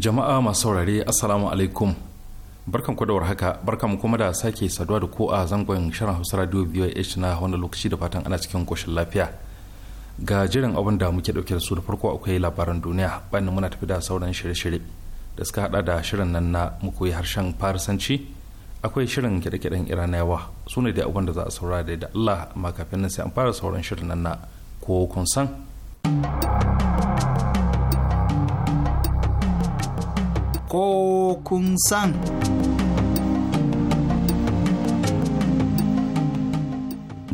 jama'a masu saurare assalamu alaikum barkan ku da warhaka barkan kuma da sake saduwa da ko a zangon shirin hausa radio voh na wani lokaci da fatan ana cikin koshin lafiya ga jiran abin da muke dauke da su da farko akwai labaran duniya bayan muna tafi da sauran shirye-shirye da suka hada da shirin nan na muku harshen farisanci akwai shirin kiɗe-kiɗen iranayawa su ne da abin da za a saurara da allah amma kafin nan sai an fara sauran shirin nan na ko kun san ko kun san.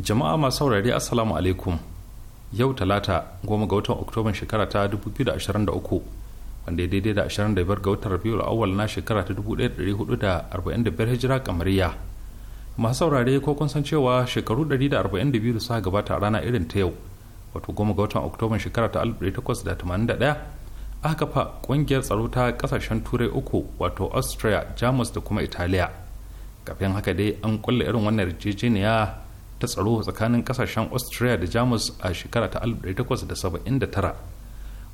Jama'a masu saurari Assalamu alaikum yau talata goma ga watan Oktoban shekara ta 2023 wanda ya daidai da 25 ga watan Rabiul awwal na shekara ta 1445 hijira kamariya. Masu saurari ko kun san cewa shekaru 142 da suka gabata a rana irin ta yau wato goma ga watan Oktoban shekara ta 1881 aka fa kungiyar tsaro ta kasashen turai uku wato austria jamus da kuma italiya kafin haka dai an kulle irin wannan yarjejeniya ta tsaro tsakanin kasashen austria da jamus a shekara ta 1879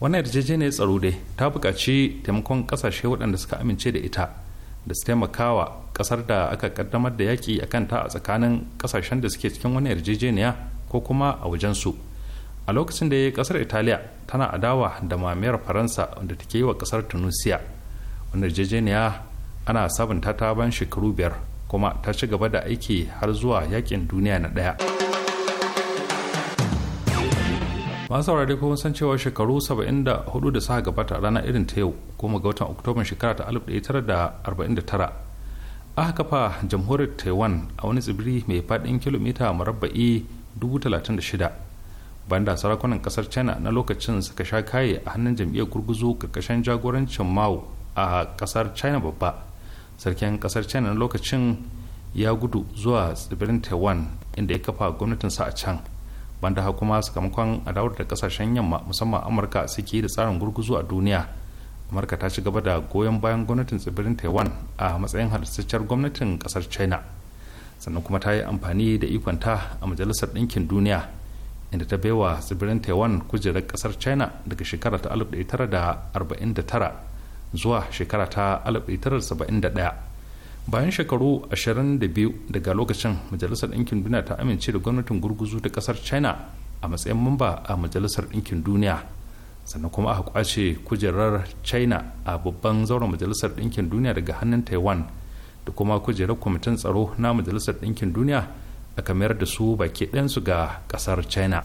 wannan yarjejeniyar tsaro dai ta bukaci taimakon kasashe waɗanda suka amince da ita da su taimakawa ƙasar da aka kaddamar da yaƙi a kanta a tsakanin kasashen da suke cikin wannan yarjejeniya ko kuma a wajen su a lokacin da ya yi kasar italiya tana adawa da mamayar faransa wanda take yi wa kasar tunisia wanda jejeniya ana sabunta ta ban shekaru biyar kuma ta ci gaba da aiki har zuwa yakin duniya na daya masu saurari kuma san cewa shekaru 74 da suka gabata rana irin ta yau kuma ga watan oktoban shekara ta 1949 aka kafa jamhuriyar taiwan a wani tsibiri mai faɗin kilomita murabba'i 36 banda sarakunan kasar china na lokacin suka sha kaye a hannun jam'iyyar gurguzu karkashin jagorancin mao a kasar china babba sarkin kasar china na lokacin ya gudu zuwa tsibirin taiwan inda ya kafa gwamnatin gwamnatinsa a can banda haka kuma sakamakon adawar da kasashen yamma musamman amurka suke da tsarin gurguzu a duniya amurka ta ci gaba da goyon bayan gwamnatin tsibirin taiwan a matsayin halittacciyar gwamnatin kasar china sannan kuma ta yi amfani da ikonta a majalisar ɗinkin duniya inda ta baiwa tsibirin taiwan kujerar kasar china daga shekara ta 1949 zuwa shekara ta 1971 bayan shekaru 22 daga lokacin majalisar ɗinkin duniya ta amince da gwamnatin gurguzu ta kasar china a matsayin mamba a majalisar ɗinkin duniya sannan kuma aka kwace kujerar china a babban zauren majalisar ɗinkin duniya daga hannun taiwan da kuma kujerar kwamitin tsaro na majalisar ɗinkin duniya aka mayar da su baki ɗansu ga ƙasar china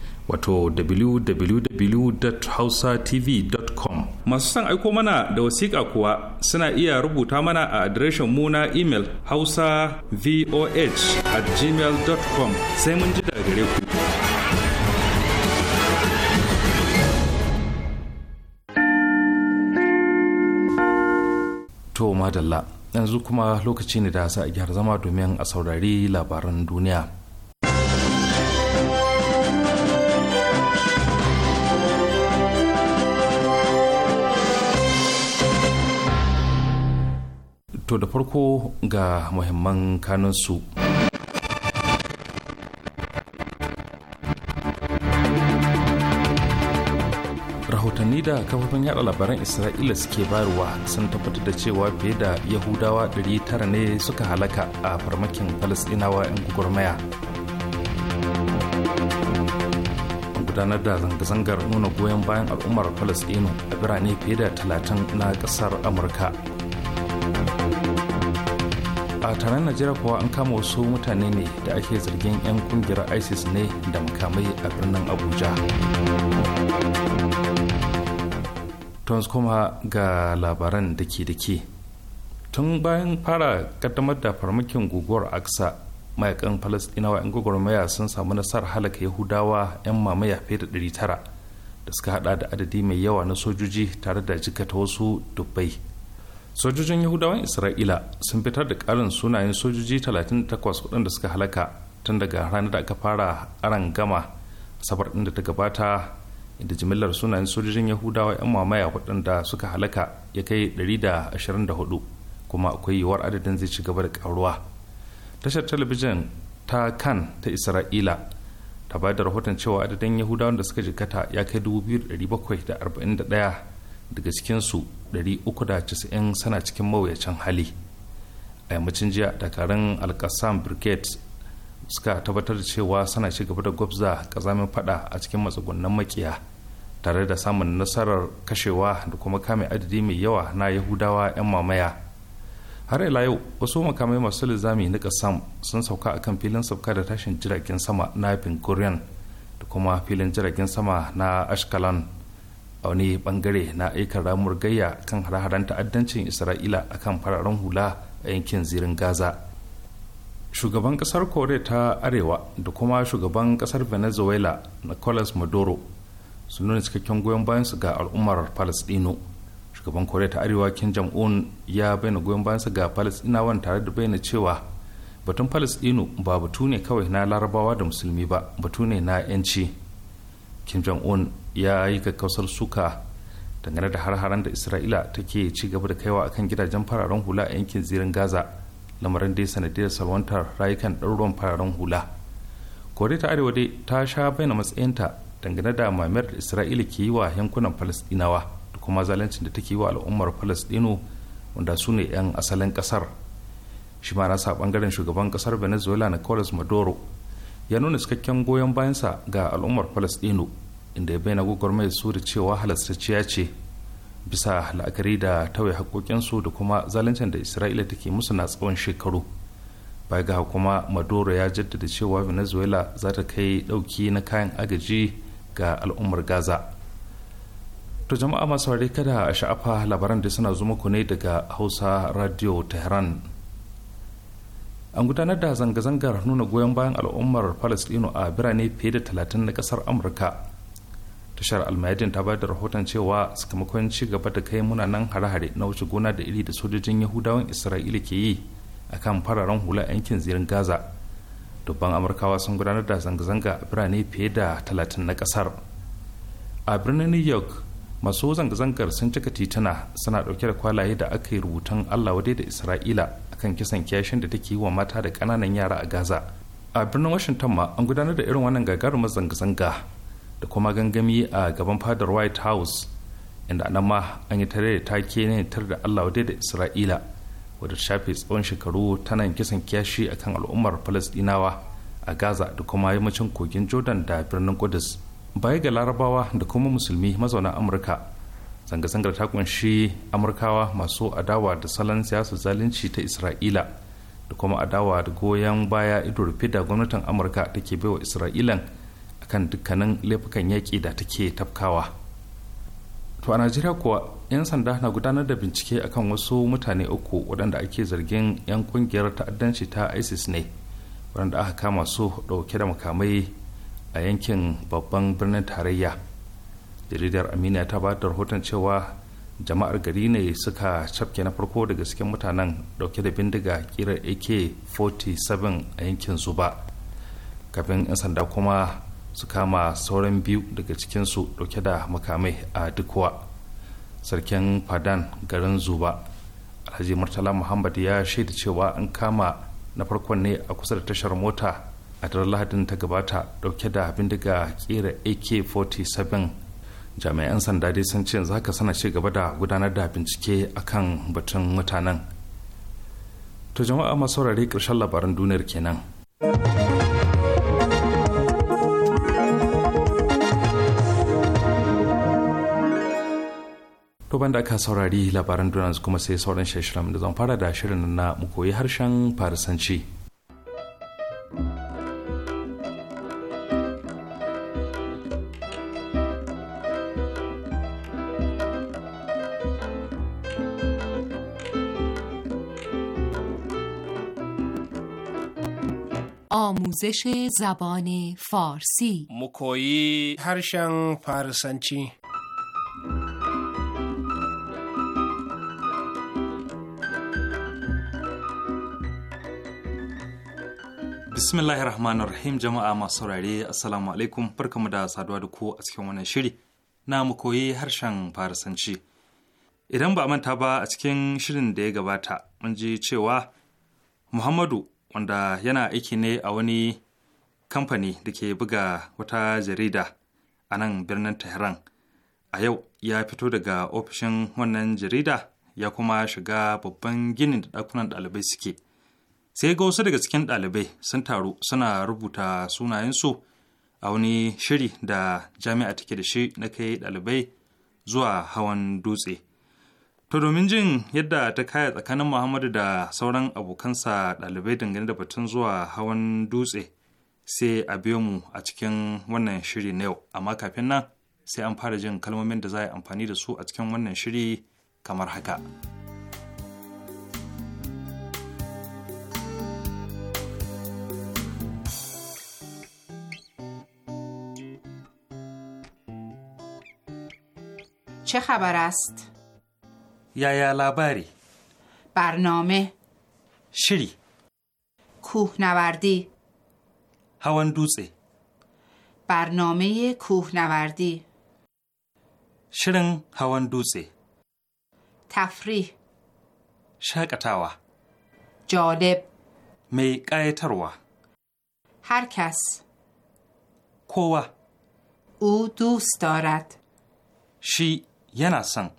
wato www.hausatv.com masu son aiko mana da wasiƙa kuwa suna iya rubuta mana a adireshin mu na imel hausa voh at gmail.com sai mun ji daga gare ku to madalla yanzu kuma lokaci ne da sa a gyara zama domin a saurari labaran duniya To da farko ga muhimman kanunsu. Rahotanni da kafafen yada labaran Isra'ila suke bayarwa sun tabbatar da cewa fiye da Yahudawa 900 ne suka halaka a farmakin Falasɗinawa 'yan gwagwarmaya. gudanar da zanga-zangar nuna goyon bayan al'ummar Falasɗinu a birane fiye da 30 na ƙasar Amurka. a taron najeriya kuwa an kama wasu mutane ne da ake zargin 'yan kungiyar isis ne da makamai a birnin abuja tons kuma ga labaran da ke da ke tun bayan fara kaddamar da farmakin guguwar aksa mayakan falasdinawa 'yan gwagwarmaya sun samu nasarar halaka yahudawa 'yan mamaya fiye da 900 da suka hada da adadi mai yawa na sojoji tare da jikata wasu dubbai sojojin yahudawan isra'ila sun fitar da karin sunayen sojoji 38 waɗanda suka halaka tun daga ranar da aka fara aran gama asabar ɗin da ta gabata inda jimillar sunayen sojojin yahudawa 'yan mamaya waɗanda suka halaka ya kai 124 kuma akwai yiwuwar adadin zai ci gaba da karuwa tashar talabijin ta kan ta isra'ila ta bayar da rahoton cewa adadin yahudawan da suka jikata ya kai 2741 daga cikinsu 390 suna cikin mawuyacin hali a yammacin jiya dakarun alkasam brigade suka tabbatar da cewa suna ci gaba da gwabza kazamin fada a cikin matsugunan makiya tare da samun nasarar kashewa da kuma kame adadi mai yawa na yahudawa 'yan mamaya har ila yau wasu makamai masu lizami na kasam sun sauka a kan filin sauka da tashin jiragen sama na bin da kuma filin jiragen sama na ashkalan a wani bangare na aikar ramuwar gayya kan hare-haren ta'addancin isra'ila a kan fararen hula a yankin zirin gaza shugaban kasar kore ta arewa da kuma shugaban kasar venezuela nicolas maduro su nuna cikakken goyon bayansu ga al'ummar palestino shugaban kore ta arewa kim jong un ya bayyana goyon su ga palestinawan tare da bayyana cewa batun palestino ba batu ne kawai na larabawa da musulmi ba batu ne na 'yanci kim jong-un ya yi kakkausar suka dangane da har-haren da isra'ila take ci gaba da kaiwa akan gidajen fararen hula a yankin zirin gaza lamarin da ya sanadiyar salwantar rayukan ɗaruruwan fararen hula kore ta arewa dai ta sha bayyana matsayinta dangane da mamayar da isra'ila ke yi wa yankunan falasɗinawa da kuma zaluncin da take yi wa al'ummar falasɗinu wanda su ne 'yan asalin ƙasar shi ma na sa bangaren shugaban ƙasar venezuela colas maduro ya nuna cikakken goyon bayansa ga al'ummar falasɗinu inda ya bayyana mai su da cewa halastacciya ce bisa la'akari da tauye haƙoƙinsu da kuma zaluncin da isra'ila take musu na tsawon shekaru baya ga kuma maduro ya jaddada cewa venezuela za ta kai ɗauki na kayan agaji ga al'ummar gaza to jama'a masu ware kada a sha'afa labaran da suna zuma ne daga hausa radio tehran an gudanar da zanga-zangar nuna goyon bayan al'ummar palestino a birane fiye da talatin na kasar amurka tashar almayadin ta bada da rahoton cewa sakamakon ci gaba da kai munanan hare-hare na wuce gona da iri da sojojin yahudawan isra'ila ke yi a kan fararen hula a yankin zirin gaza dubban amurkawa sun gudanar da zanga-zanga a birane fiye da talatin na kasar a birnin new york masu zanga-zangar sun cika tituna suna dauke da kwalaye da aka yi rubutun allah wadai da isra'ila akan kisan kiyashin da take yi wa mata da kananan yara a gaza a birnin washington ma an gudanar da irin wannan gagarumar zanga-zanga da kuma gangami a gaban fadar white house inda nan ma an yi tare da take ne tar da allah wadai da isra'ila wadda shafe tsawon shekaru tana kisan kiyashi kan al'ummar falastinawa a gaza da kuma yammacin kogin jordan da birnin kudus baya ga larabawa da kuma musulmi mazauna amurka zanga-zangar ta kunshi amurkawa masu adawa da salon siyasar zalunci ta isra'ila da kuma adawa da goyon baya ido rufe da gwamnatin amurka da ke baiwa isra'ilan kan dukkanin laifukan yaƙi da take tafkawa to a najeriya kuwa 'yan sanda na gudanar da bincike akan wasu mutane uku waɗanda ake zargin 'yan ƙungiyar ta'addanci ta isis ne waɗanda aka kama su ɗauke da makamai a yankin babban birnin tarayya jaridar aminiya ta ba da rahoton cewa jama'ar gari ne suka cafke na farko daga cikin mutanen dauke da bindiga kirar ak-47 a yankin zuba kafin 'yan sanda kuma su kama sauran biyu daga cikinsu dauke da makamai a dukuwa sarkin fadan garin zuba alhaji murtala muhammad ya shaida cewa an kama na farkon ne a kusa da tashar mota a daren lahadin ta gabata dauke da bindiga kera ak-47 jami'an sanda dai sun ce za ka sana gaba da gudanar da bincike akan batun mutanen to jama'a masaurari ƙarshen labaran duniyar kenan. to da aka saurari labaran duniya kuma sai sauran shirin da zan fara da shirin na mu koyi harshen farisanci آموزش زبان فارسی مکویی هرشن فارسنچی Bismillahir Rahmanir Rahim jama'a masu saurare Assalamu alaikum barkamu da saduwa da ku a cikin wannan shiri na mu koyi harshen Farisanci. Idan ba manta ba a cikin shirin da ya gabata mun ji cewa Muhammadu wanda yana aiki ne a wani kamfani da ke buga wata jarida a nan birnin Tehran. A yau ya fito daga ofishin wannan jarida ya kuma shiga babban ginin da ɗakunan ɗalibai suke. sai ga wasu daga cikin ɗalibai sun taru suna rubuta sunayensu a wani shiri da jami'a take da shi na kai ɗalibai zuwa hawan dutse to domin jin yadda ta kaya tsakanin muhammadu da sauran abokansa ɗalibai dangane da batun zuwa hawan dutse sai a biyo mu a cikin wannan shiri na yau amma kafin nan sai an fara jin kalmomin da za a yi amfani da su a cikin wannan shiri kamar haka. چه خبر است؟ یایا لاباری برنامه شری کوهنوردی هوان برنامه کوهنوردی شرن هوان تفریح شاکتاوا جالب می قایتروا هر کس کوه او دوست دارد شی ینا سن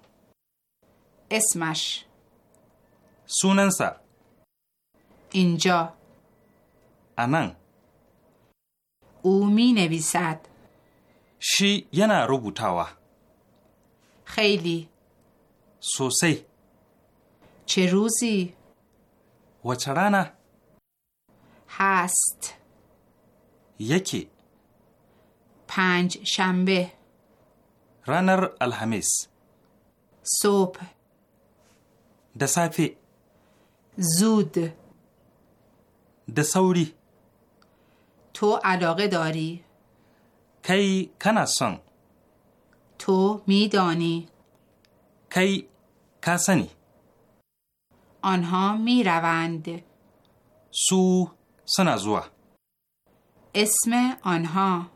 اسمش سوننسا اینجا آنن او می نویسد شی ینا روبوتاوا خیلی سوسی چه روزی؟ وچرانه هست یکی پنج شنبه رانر الهمیس صبح دسافه زود دسوری تو علاقه داری کی کناسان تو میدانی کی کسانی آنها میروند سو سنازوا اسم آنها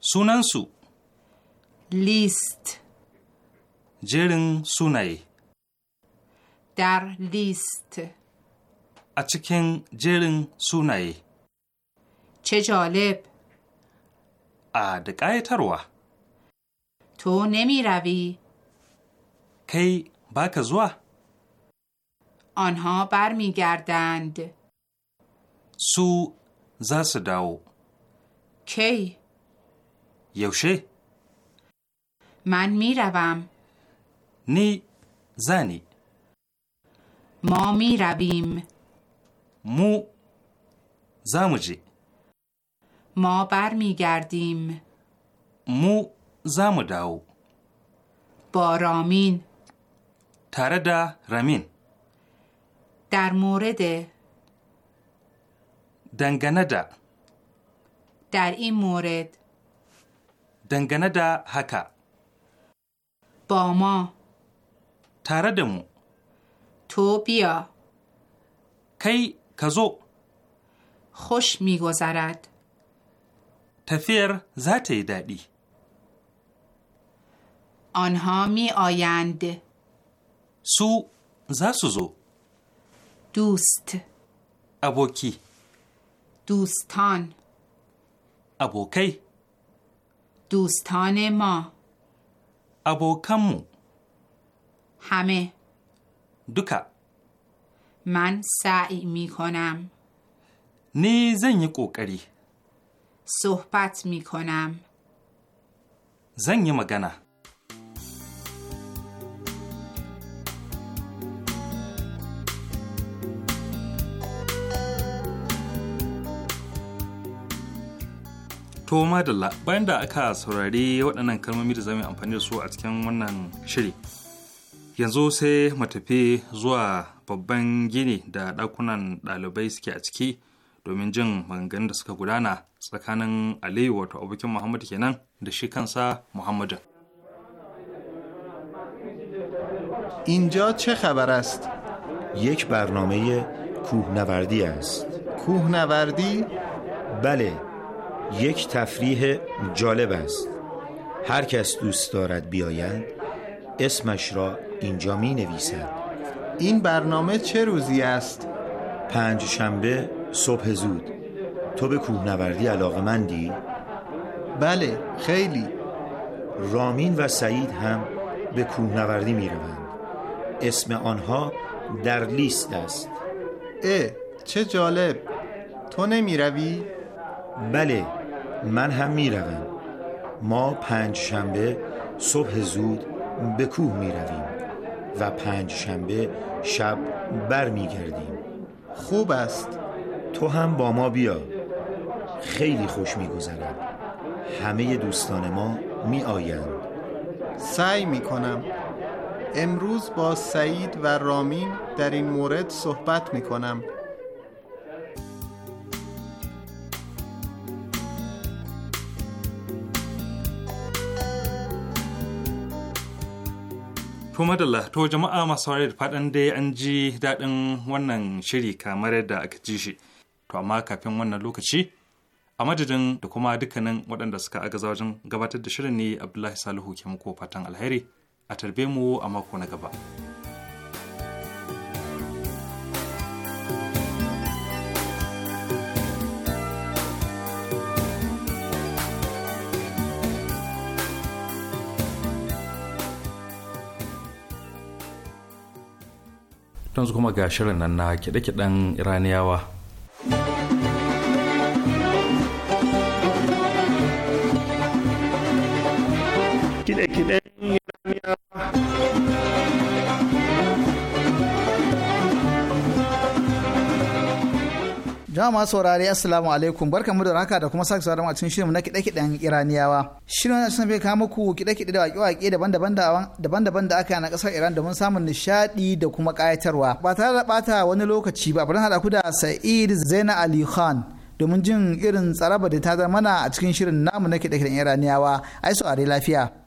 سوننسو لیست جرن سونای در لیست اچکن جرن سونای چه جالب آدکای تروه تو نمی روی کی باک زوا آنها بر می گردند سو زاسداو داو کی یوشه من میروم نی زنی ما رویم. مو زموجی ما گردیم. مو زمودو با رامین تردا رامین در مورد دنگندا در این مورد دنگندا هکا با ما تره دمو تو بیا کی کزو خوش میگذرد تفیر ذات دادی آنها می آیند سو زاسوزو دوست ابوکی دوستان ابوکی دوستان ما Abokamu. Hami. Duka. Man sai miƙunan. Ni zan yi ƙoƙari. Suhbat miƙunan. Zan yi magana. To da bayan da aka saurari waɗannan kalmomi da zamu amfani da su a cikin wannan shiri. Yanzu sai matafi zuwa babban gini da ɗakunan ɗalibai suke a ciki domin jin maganganun da suka gudana tsakanin Aliyu wato abokin muhammad kenan da shi kansa muhammadu اینجا چه خبر است؟ یک برنامه کوهنوردی است. کوهنوردی؟ بله، یک تفریح جالب است هر کس دوست دارد بیاید اسمش را اینجا می نویسد این برنامه چه روزی است؟ پنج شنبه صبح زود تو به کوهنوردی علاقه مندی؟ بله خیلی رامین و سعید هم به کوهنوردی می روند اسم آنها در لیست است اه چه جالب تو نمی روی؟ بله من هم میروم ما پنج شنبه صبح زود به کوه می رویم و پنج شنبه شب بر می گردیم خوب است تو هم با ما بیا خیلی خوش می همه دوستان ما می آیند سعی می کنم امروز با سعید و رامین در این مورد صحبت می کنم To madalla to jama'a masu da faɗan dai an ji daɗin wannan shiri kamar yadda aka ji shi. To amma kafin wannan lokaci a madadin da kuma dukkanin waɗanda suka agaza wajen gabatar da shirin ne Abdullahi Salihu ke muku fatan alheri a tarbe mu a mako na gaba. su kuma ga shirin nan na kiɗe-kiɗen iraniyawa kiɗe-kiɗe jama'a saurari assalamu alaikum mu da raka da kuma sake saurari a cikin shirin na kide-kiden iraniyawa shirin na sun bai kawo muku kiɗe-kiɗe da waƙe-waƙe daban-daban da aka yi na kasar iran domin samun nishadi da kuma kayatarwa. ba tare da bata wani lokaci ba bari haɗa ku da sa'id zaina ali khan domin jin irin tsaraba da ta mana a cikin shirin namu na kiɗe-kiɗen iraniyawa ai saurari lafiya.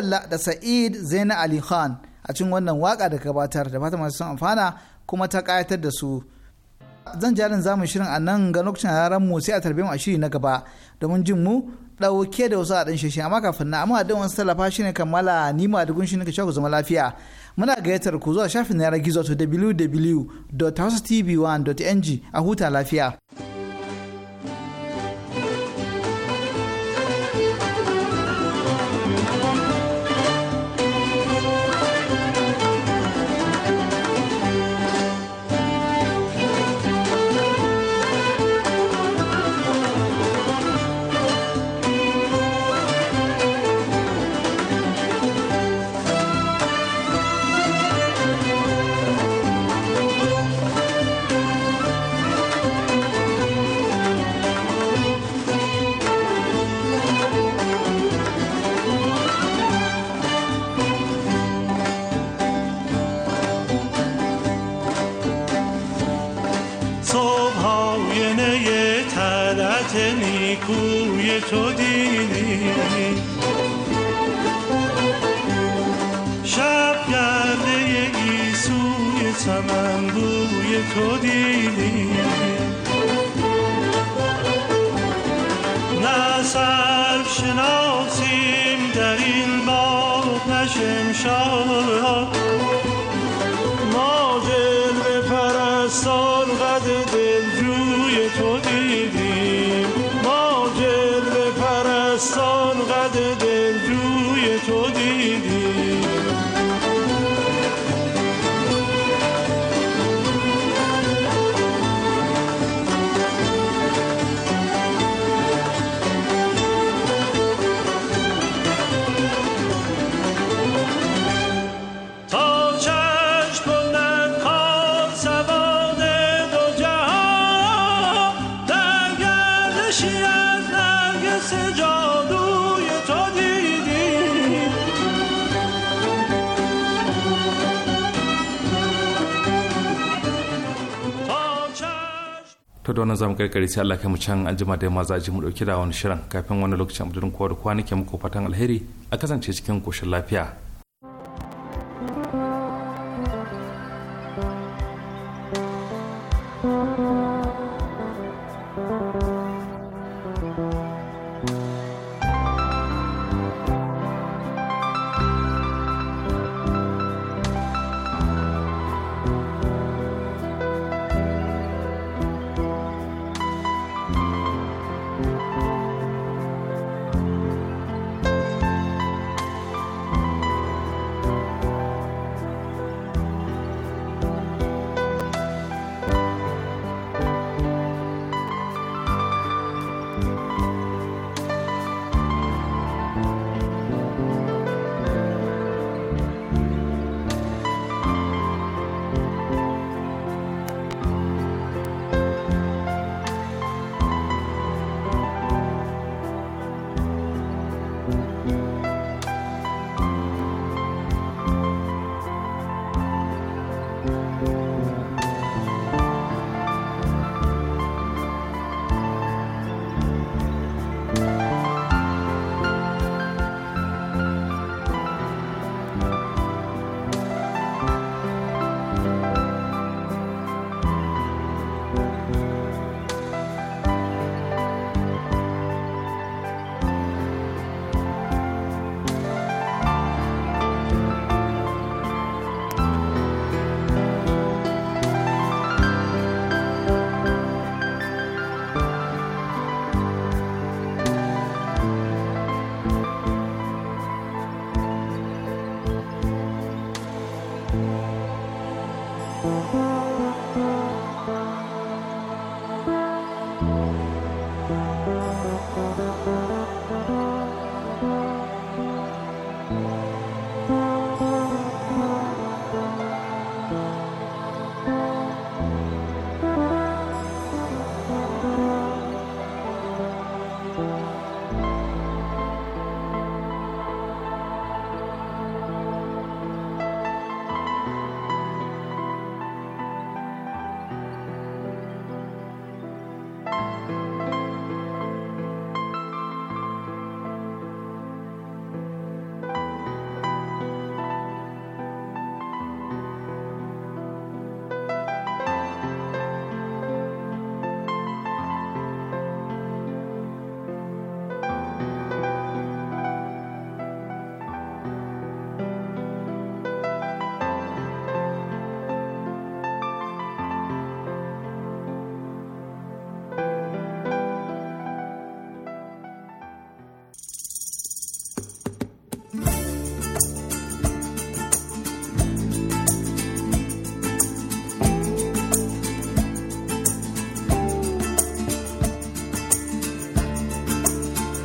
Abdalla da sa'id zaina ali khan a cikin wannan waka da gabatar da fata masu amfana kuma ta kayatar da su zan jarin zamu shirin a nan ga lokacin ranar mu sai a tarbe mu a shiri na gaba domin jin mu dauke da wasu haɗin shishi amma kafin na amma da wasu tallafa shine kammala nima da gunshi nake shaku zama lafiya muna gayyatar ku zuwa shafin yanar gizo to www.housetv1.ng a huta lafiya. صورت نیکوی تو دیدی شب گرده گیسوی تمام بوی تو دیدی to da wannan zamu karkare sai Allah kai mu can anjima da maza za a ji mu dauki da wani shirin kafin wani lokacin abudin kowa da kowa muku fatan alheri a kasance cikin koshin lafiya